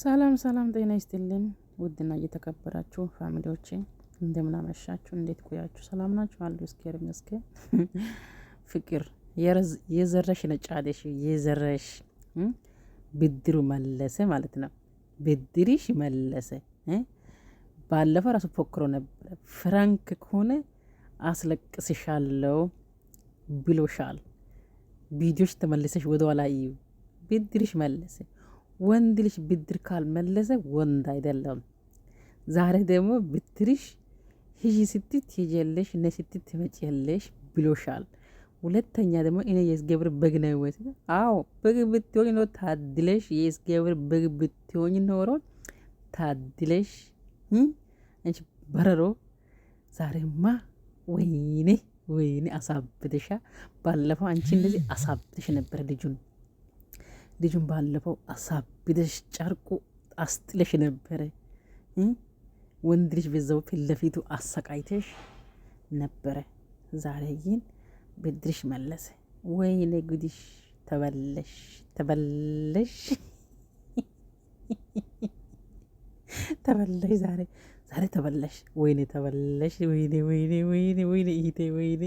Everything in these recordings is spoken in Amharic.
ሰላም ሰላም፣ ጤና ይስጥልኝ ውድና እየተከበራችሁ ፋሚሊዎቼ እንደምናመሻችሁ፣ እንዴት ቆያችሁ? ሰላም ናችሁ አሉ እስኪር መስከ ፍቅር የዘረሽ ነጫደሽ የዘረሽ ብድሩ መለሰ ማለት ነው። ብድሪሽ መለሰ። ባለፈው ራሱ ፎክሮ ነበረ። ፍራንክ ከሆነ አስለቅስሻለው ብሎሻል። ቪዲዮሽ ተመልሰሽ ወደኋላ ኋላ እዩ። ብድሪሽ መለሰ ወንድ ልጅ ብድር ካልመለሰ ወንድ አይደለም። ዛሬ ደግሞ ብትርሽ ሂጂ ስትት ሄጀለሽ ነ ስትት ትመጭለሽ ብሎሻል። ሁለተኛ ደግሞ እኔ የእግዚአብሔር በግ ነው ወይስ? አዎ በግ ብትሆኝ ነው ታድለሽ። የእግዚአብሔር በግ ብትሆኝ ኖሮ ታድለሽ። አንቺ በረሮ ዛሬማ ወይኔ ወይኔ አሳብደሻ። ባለፈው አንቺ እንደዚህ አሳብደሽ ነበር ልጁን ልጁን ባለፈው አሳብደሽ ጨርቁ አስጥለሽ ነበረ። ወንድ ልጅ በዛው ፊት ለፊቱ አሰቃይተሽ ነበረ። ዛሬ ግን ብድርሽ መለሰ። ወይኔ ጉድሽ! ተበለሽ ተበለሽ ተበለሽ ዛሬ ዛሬ ተበለሽ። ወይኔ ተበለሽ! ወይኔ ወይኔ ወይኔ ወይኔ ይሄ ወይኔ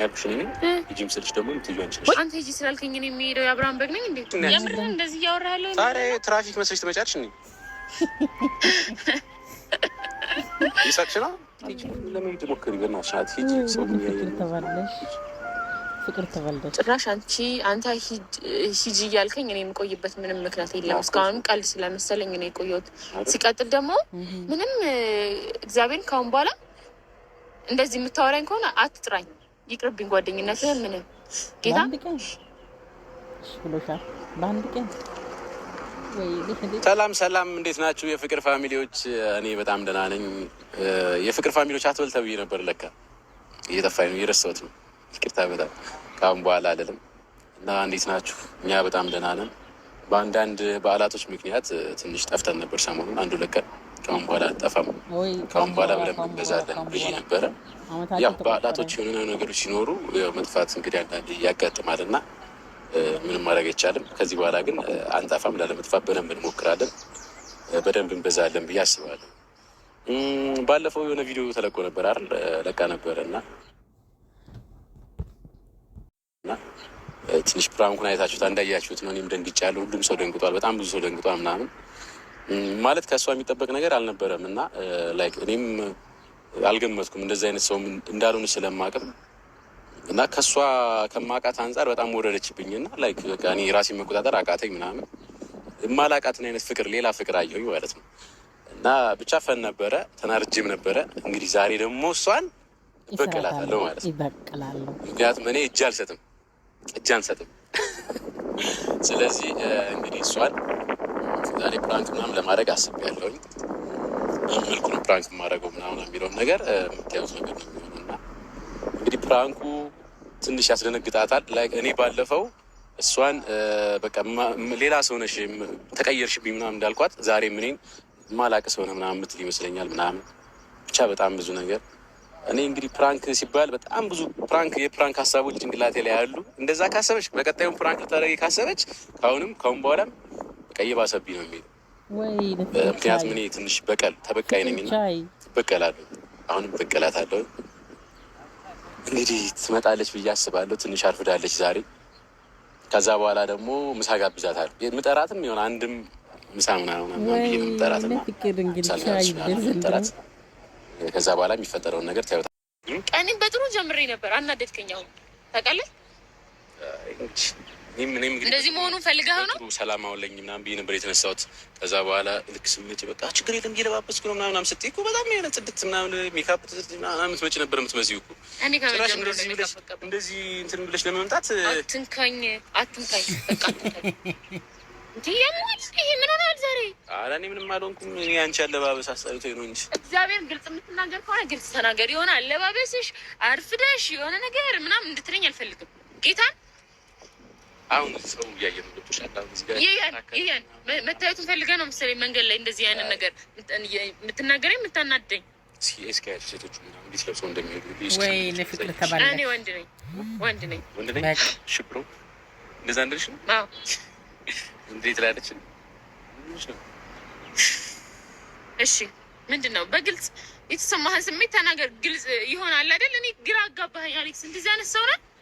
ያልኩሽ እኔ ሂጂም ስልሽ ደግሞ አንተ ሂጂ ስላልከኝ እኔ የሚሄደው የአብርሃም በግ ነኝ እንዴ? የምር እንደዚህ እያወራለሁ። ታዲያ ትራፊክ መስለሽ ትመጫለሽ። እኔ ጭራሽ አንቺ አንተ ሂጂ እያልከኝ እኔ የምቆይበት ምንም ምክንያት የለም። እስካሁን ቀልድ ስለመሰለኝ እኔ የቆየሁት። ሲቀጥል ደግሞ ምንም እግዚአብሔርን ካሁን በኋላ እንደዚህ የምታወራኝ ከሆነ አትጥራኝ። ይቅርብኝ ጓደኝነት ምንም ጌታ በአንድ ቀን ሰላም ሰላም፣ እንዴት ናችሁ የፍቅር ፋሚሊዎች? እኔ በጣም ደህና ነኝ። የፍቅር ፋሚሊዎች አትበል ተብዬ ነበር፣ ለካ እየጠፋኝ ነው፣ እየረሳሁት ነው። ይቅርታ በጣም ከአሁን በኋላ አልልም። እና እንዴት ናችሁ? እኛ በጣም ደህና ነን። በአንዳንድ በዓላቶች ምክንያት ትንሽ ጠፍተን ነበር ሰሞኑን አንዱ ለቀን ከአሁን በኋላ አጠፋም፣ ከአሁን በኋላ ብለን እንገዛለን ብዬ ነበረ። ያው በዓላቶች የሆነ ነገሮች ሲኖሩ መጥፋት እንግዲህ አንዳንድ ያጋጥማል እና ምንም ማድረግ አይቻልም። ከዚህ በኋላ ግን አንጠፋም፣ ላለመጥፋት በደንብ እንሞክራለን፣ በደንብ እንበዛለን ብዬ አስባለሁ። ባለፈው የሆነ ቪዲዮ ተለቆ ነበር አይደል? ለቃ ነበረ እና ትንሽ ፕራንኩን አይታችሁት እንዳያችሁት ነው። እኔም ደንግጫለሁ፣ ሁሉም ሰው ደንግጧል፣ በጣም ብዙ ሰው ደንግጧል ምናምን ማለት ከእሷ የሚጠበቅ ነገር አልነበረም እና ላይክ እኔም አልገመትኩም እንደዚህ አይነት ሰው እንዳልሆነ ስለማቅም እና ከእሷ ከማቃት አንጻር በጣም ወረደችብኝ እና ላይክ በቃ እኔ ራሴን መቆጣጠር አቃተኝ ምናምን የማላቃትን አይነት ፍቅር ሌላ ፍቅር አየሁኝ ማለት ነው። እና ብቻ ፈን ነበረ፣ ተናርጅም ነበረ። እንግዲህ ዛሬ ደግሞ እሷን እበቀላታለሁ ማለት ነው። ምክንያቱም እኔ እጅ አልሰጥም እጅ አንሰጥም። ስለዚህ እንግዲህ እሷን ዛሬ ፕራንክ ምናምን ለማድረግ አስቤያለሁኝ። ምን መልኩ ነው ፕራንክ የማደርገው ምናምን የሚለውን ነገር የምታዩት ነገር ነው የሚሆነው እና እንግዲህ ፕራንኩ ትንሽ ያስደነግጣታል። ላይክ እኔ ባለፈው እሷን በቃ ሌላ ሰው ነሽ ተቀየርሽብኝ ምናምን እንዳልኳት ዛሬ ምኔን ማላቅ ሰው ነው ምናምን ምትል ይመስለኛል ምናምን ብቻ በጣም ብዙ ነገር እኔ እንግዲህ ፕራንክ ሲባል በጣም ብዙ ፕራንክ የፕራንክ ሀሳቦች ጭንቅላቴ ላይ አሉ። እንደዛ ካሰበች በቀጣዩም ፕራንክ ልታደርግ ካሰበች ከአሁንም ከአሁን በኋላም በቃ እየባሰብኝ ነው የሚሄደው። ምክንያቱም እኔ ትንሽ በቀል ተበቃይ ነኝ እና እበቀላለሁ። አሁንም እበቀላታለሁ። እንግዲህ ትመጣለች ብዬ አስባለሁ። ትንሽ አርፍዳለች ዛሬ። ከዛ በኋላ ደግሞ ምሳ ጋብዛታለሁ። የምጠራትም የሆነ አንድም ምሳ ምናምን ብዬ ከዛ በኋላ የሚፈጠረውን ነገር ታዩታ። ቀኔን በጥሩ ጀምሬ ነበር። አናደድከኝ አሁን ታውቃለህ እንደዚህ መሆኑን ፈልገኸው ነው? ሰላም አውለኝ ምናምን ብዬሽ ነበር የተነሳሁት። ከዛ በኋላ ልክ ስሜት በቃ ችግር የለም እየለባበስኩ ነው ምናምን ስትይ እኮ በጣም የሆነ ጽድት ምናምን ሜካፕ የምትመጪ ነበር የምትመስዪው እኮ እንደዚህ እንትን ብለሽ ለመምጣት አትንካኝ፣ አትንካኝ በቃ ኧረ እኔ ምንም አልሆንኩም። እኔ አንቺ አለባበስ አስጠልቶኝ ነው እንጂ እግዚአብሔር ግልጽ የምትናገር ከሆነ ግልጽ ተናገር። የሆነ አለባበስሽ አርፍደሽ የሆነ ነገር ምናምን እንድትለኝ አልፈልግም ጌታን አሁን ሰው እያየ ነው። ልቦች መታየቱ ፈልገ ነው መሰለኝ መንገድ ላይ እንደዚህ አይነት ነገር የምትናገረኝ የምታናደኝ ሲኤስካያል ሴቶች እንዴት ለብሰው እንደሚሄዱ ወይ ለፍቅር ተባለ። እኔ ወንድ ነኝ ወንድ ነኝ ወንድ ነኝ ሽብሮ እንደዛ እንደልሽ ነው። እንዴት ላለች እሺ፣ ምንድን ነው በግልጽ የተሰማህን ስሜት ተናገር። ግልጽ ይሆናል አይደል? እኔ ግራ አጋባኸኝ አሌክስ። እንደዚህ አይነት ሰው ነህ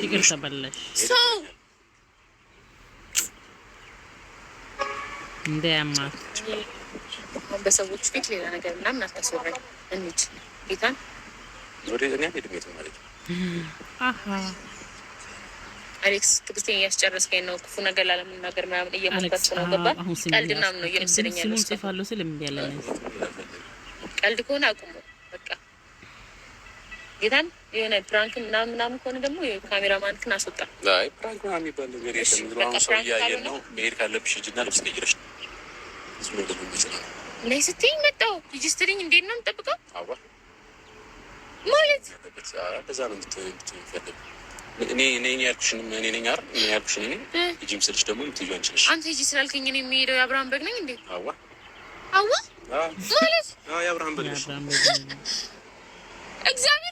ፍቅር ተበላሽ በሰዎች ፊት ሌላ ነገር ምናምን አታስወራኝ። እንሂድ ጌታን ወደ እኔ ማለት አሌክስ ትግስቴን እያስጨረስከኝ ነው። ክፉ ነገር ላለመናገር ምናምን እየሞከርኩ ነው። ቀልድ ምናምን ነው እየመሰለኝ ቀልድ ከሆነ አቁሙ ጌታን የሆነ ፕራንክ ምናምን ምናምን ከሆነ ደግሞ የካሜራማን ክን አስወጣ። አይ ፕራንክ ምናምን የሚባል ነገር የለም። ዝም አሁን ሰው እያየ ነው። መሄድ ካለብሽ ሂጂና ልብስ ቀይረሽ ነይ ስትይኝ መጣሁ። ሂጂ ስትልኝ እንዴት ነው የምጠብቀው? ማለት እንደዛ ነው የምትፈልግ እኔ እኔ ያልኩሽንም እኔ ነኝ አይደል? እኔ ያልኩሽን እኔ ሂጂ ምስልሽ ደግሞ የምትይው አንቺ አንተ ሂጂ ስላልከኝ እኔ የሚሄደው የአብርሃም በግ ነኝ እንዴ? አዋ አዋ ማለት አዎ የአብርሃም በግ ነሽ እግዚአብሔር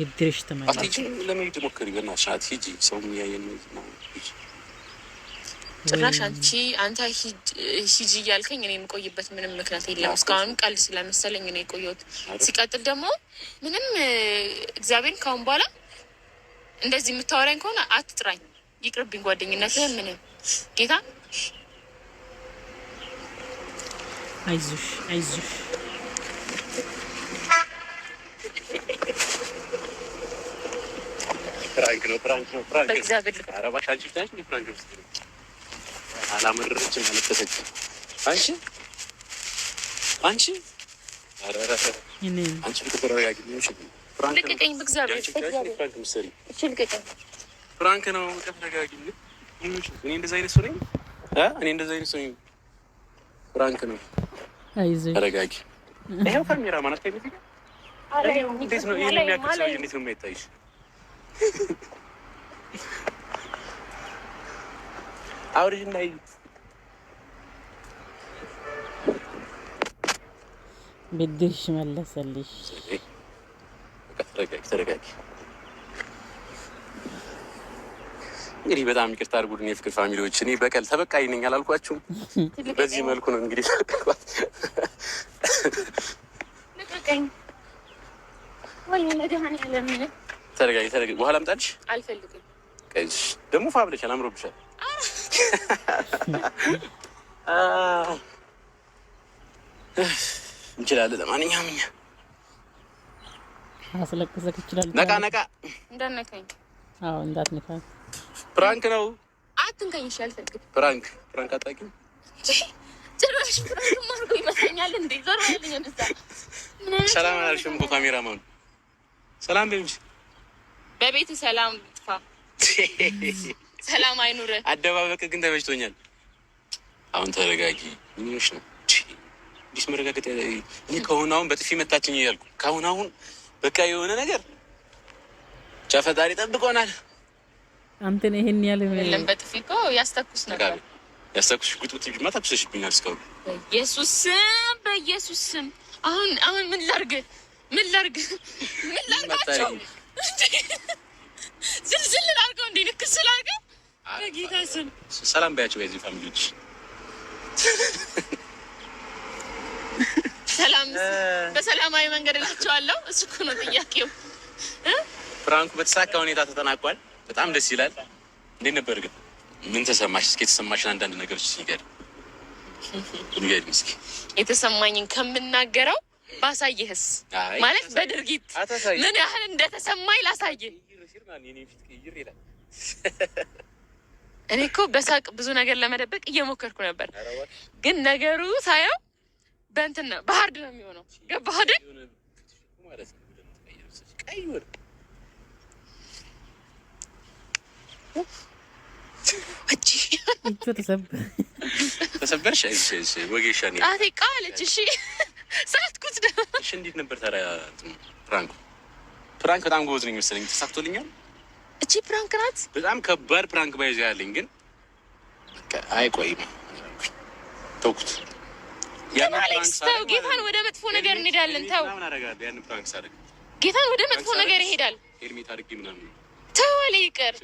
ይድርሽ ተማሪ ለመሄድ ሞከሪ በእናትሽ አትጂ ሰው የሚያየን ነው ጭራሽ አንቺ አንተ ሂጂ እያልከኝ እኔ የምቆይበት ምንም ምክንያት የለም። እስካሁን ቀልድ ስለመሰለኝ ነው የቆየሁት። ሲቀጥል ደግሞ ምንም እግዚአብሔርን ካሁን በኋላ እንደዚህ የምታወራኝ ከሆነ አትጥራኝ፣ ይቅርብኝ። ጓደኝነት ምንም ጌታ አይዞሽ አይዞሽ ፍራንክ ነው ፍራንክ ነው ፍራንክ ነው። ኧረ እባክሽ አንቺ ፍራንክ ውስጥ አላመረረችም፣ አለቀሰችም። አንቺ አንቺ አንቺ ተረጋጊ። ልቀቀኝ፣ በእግዚአብሔር ፍራንክ ነው። እኔ እንደዛ አይነት ሰው ነኝ? እኔ እንደዛ አይነት ሰው ነኝ? ፍራንክ ነው። ተረጋጊ። ይኸው ካሜራ ማናት ከቤት እንዴት ነው የሚያክል ሰው እንዴት ነው የማይታይሽ? አውሪሽ እና ብድርሽ መለሰልሽ። ተረጋጊ። እንግዲህ በጣም ይቅርታ አድርጉልን የፍቅር ፋሚሊዎች። እኔ በቀል ተበቃይ ነኝ አላልኳችሁም? በዚህ መልኩ ነው እንግዲህ ልቅቀኝ ተረጋጊ፣ ተረጋጊ። ውሃ ላምጣልሽ? አልፈልግም። ቀይሽ ደግሞ ፋ ብለሻል፣ እንችላለን። ለማንኛውም እኛ አስለቅሰክ ይችላል። ነቃ ነቃ፣ እንዳትነካኝ። አዎ እንዳትነካኝ። ፕራንክ ነው፣ አትንካኝ። እሺ፣ አልፈልግም። ፕራንክ ፕራንክ አታውቂም። ጭራሽ ፕራንክ ማርጎ ይመስለኛል። እንዴ ዞር በልልኝ። ሰላም አላልሽም እኮ ካሜራማኑ። ሰላም በይልኝ በቤት ሰላም ጥፋ፣ ሰላም አይኑረ። አደባበቅ ግን ተመችቶኛል። አሁን ተረጋጊ። ምንሽ ነው ዲስ መረጋገጥ? እኔ ከአሁን አሁን በጥፊ መታችኝ እያልኩ ከአሁን አሁን በቃ የሆነ ነገር ብቻ ፈጣሪ ጠብቆናል። አንተን ይሄን ያለ የለም። በጥፊ እኮ ያስተኩስ ነበር። ያስተኩስ ጉጥጉጥ ቢማ ተኩሰሽብኛል እስካሁን። ኢየሱስ ስም በኢየሱስ ስም አሁን አሁን ምን ላርግ? ምን ላርግ? ምን ላርጋቸው ዝልዝል ላድርገው እንዴ? ልክስ ላድርገው? በጌታ ስም ሰላም በያቸው። የዚህ ፋሚሊዎች ሰላም በሰላማዊ መንገድ እላቸዋለሁ። እሱ እኮ ነው ጥያቄው። ፍራንኩ በተሳካ ሁኔታ ተጠናቋል። በጣም ደስ ይላል። እንዴት ነበር ግን? ምን ተሰማሽ? እስኪ የተሰማሽን አንዳንድ ነገሮች ሲገድ ንገድ ምስኪ የተሰማኝን ከምናገረው ባሳየህስ ማለት በድርጊት ምን ያህል እንደተሰማኝ ላሳየህ። እኔ እኮ በሳቅ ብዙ ነገር ለመደበቅ እየሞከርኩ ነበር፣ ግን ነገሩ ሳየው በእንትን ነው በሀርድ ነው የሚሆነው። ገባህ አይደል? ተሰበርሽ? ጣቴ ቃለች። እሺ ሳትኩት። እሺ፣ እንዴት ነበር ታዲያ ፕራንኩ? ፕራንክ በጣም ጎበዝ ነኝ መሰለኝ፣ ተሳክቶልኛል። እቺ ፕራንክ ናት። በጣም ከባድ ፕራንክ ባይዘ ያለኝ ግን አይቆይም፣ ተውኩት። አሌክስ ተው፣ ጌታን ወደ መጥፎ ነገር እንሄዳለን። ተው፣ ጌታን ወደ መጥፎ ነገር ይሄዳል። ምናምን ተው፣ አለ ይቅር።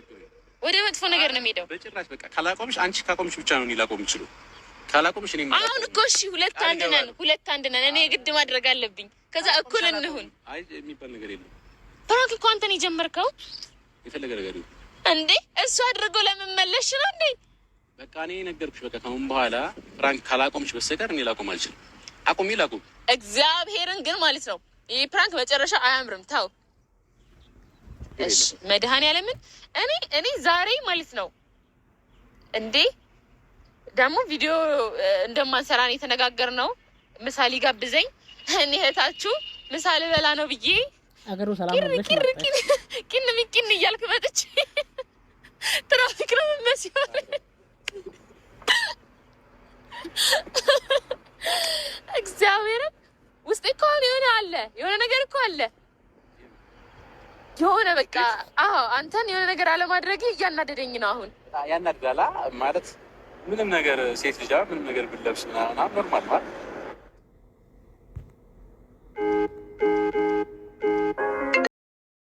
ወደ መጥፎ ነገር ነው የሚሄደው። በጭራሽ በቃ ካላቆምሽ፣ አንቺ ካቆምሽ ብቻ ነው እኔ ላቆም ይችላል ካላቆምሽ እኔ አሁን እኮ እሺ፣ ሁለት አንድ ነን፣ ሁለት አንድ ነን። እኔ ማድረግ አለብኝ። ከዛ እኩል እንሁን። አይ የሚባል ነገር የለም። ፕራንክ እኮ አንተን የጀመርከው የፈለገ ነገር ይሁን እንዴ፣ እሱ አድርጎ ለመመለሽ ነው እንዴ? በቃ እኔ ነገርኩሽ። በቃ ከአሁን በኋላ ፕራንክ ካላቆምሽ በስተቀር እኔ ላቆም አልችልም። አቁሚ፣ ላቁም። እግዚአብሔርን ግን ማለት ነው ይህ ፕራንክ መጨረሻ አያምርም። ታው እሺ፣ እኔ እኔ ዛሬ ማለት ነው እንዴ ደግሞ ቪዲዮ እንደማንሰራ ነው የተነጋገርነው። ምሳ ሊጋብዘኝ እኔ እህታችሁ ምሳሌ በላ ነው ብዬ አገሩ ሰላም ቂን ሚቂን እያልክ መጥቼ ትራፊክ ነው የምመስለው። እግዚአብሔርን ውስጥ እኮ አሁን የሆነ አለ የሆነ ነገር እኮ አለ የሆነ በቃ አዎ፣ አንተን የሆነ ነገር አለማድረግ እያናደደኝ ነው አሁን ያናድዳላ ማለት ምንም ነገር ሴት ልጃ ምንም ነገር ብለብስ ና ኖርማል ማለት